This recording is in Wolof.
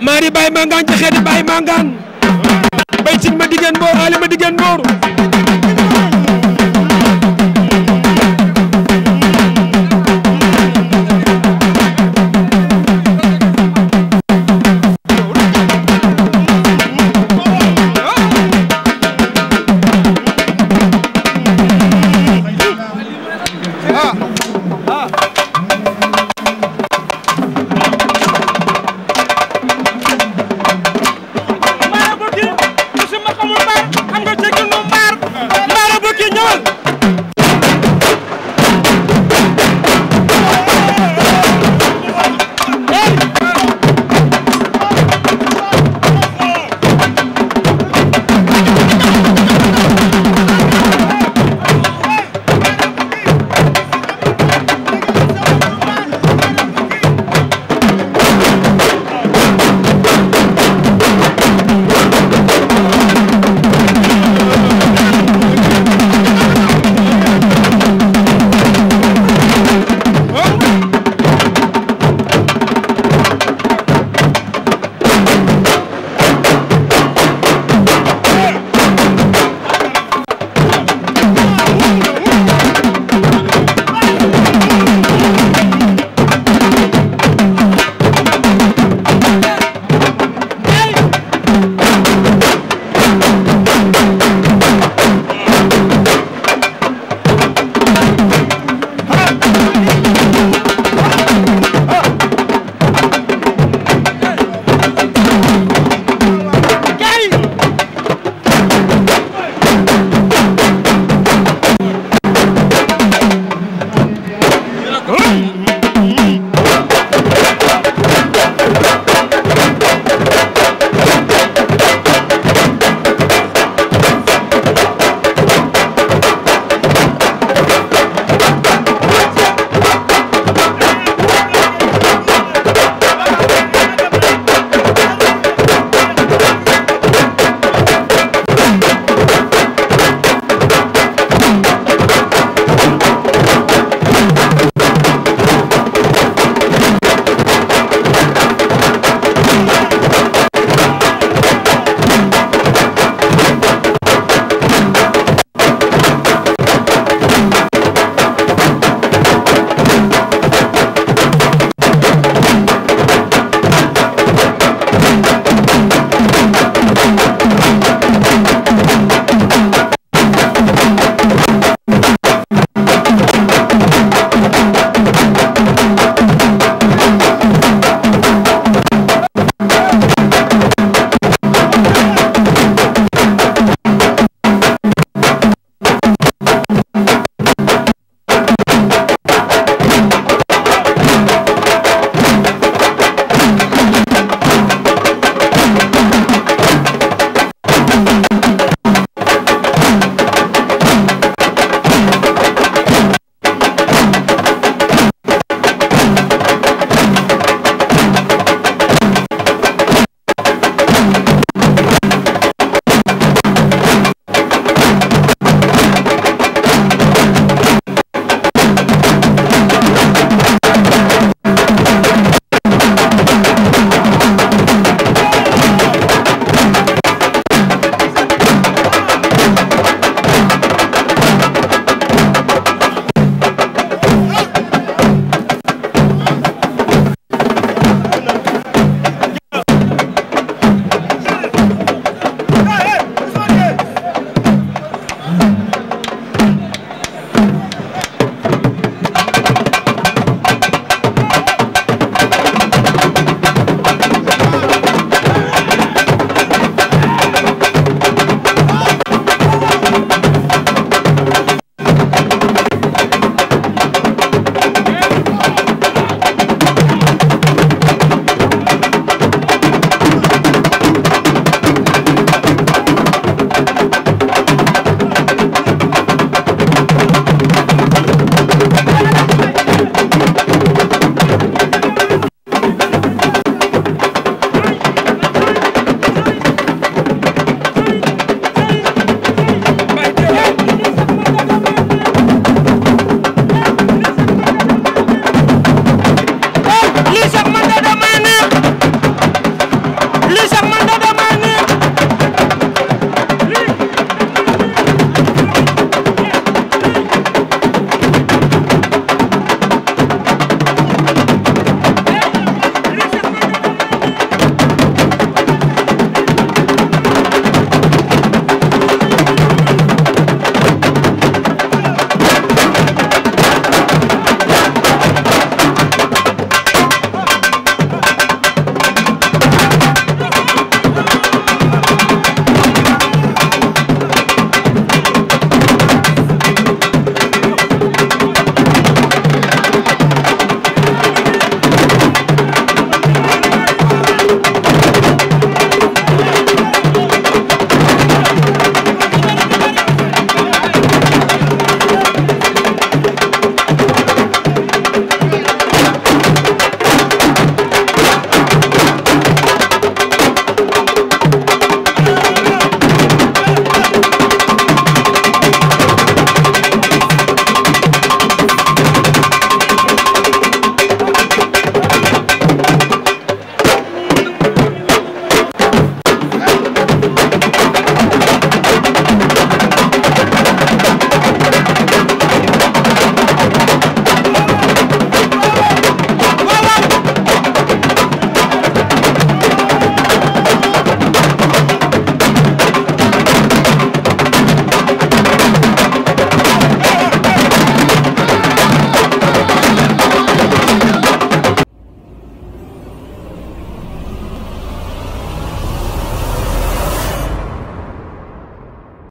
Mari Baye Mangane ci xeeti Baye Mangane bay cin ma diggéen boor ali ma diggéen boor xam nga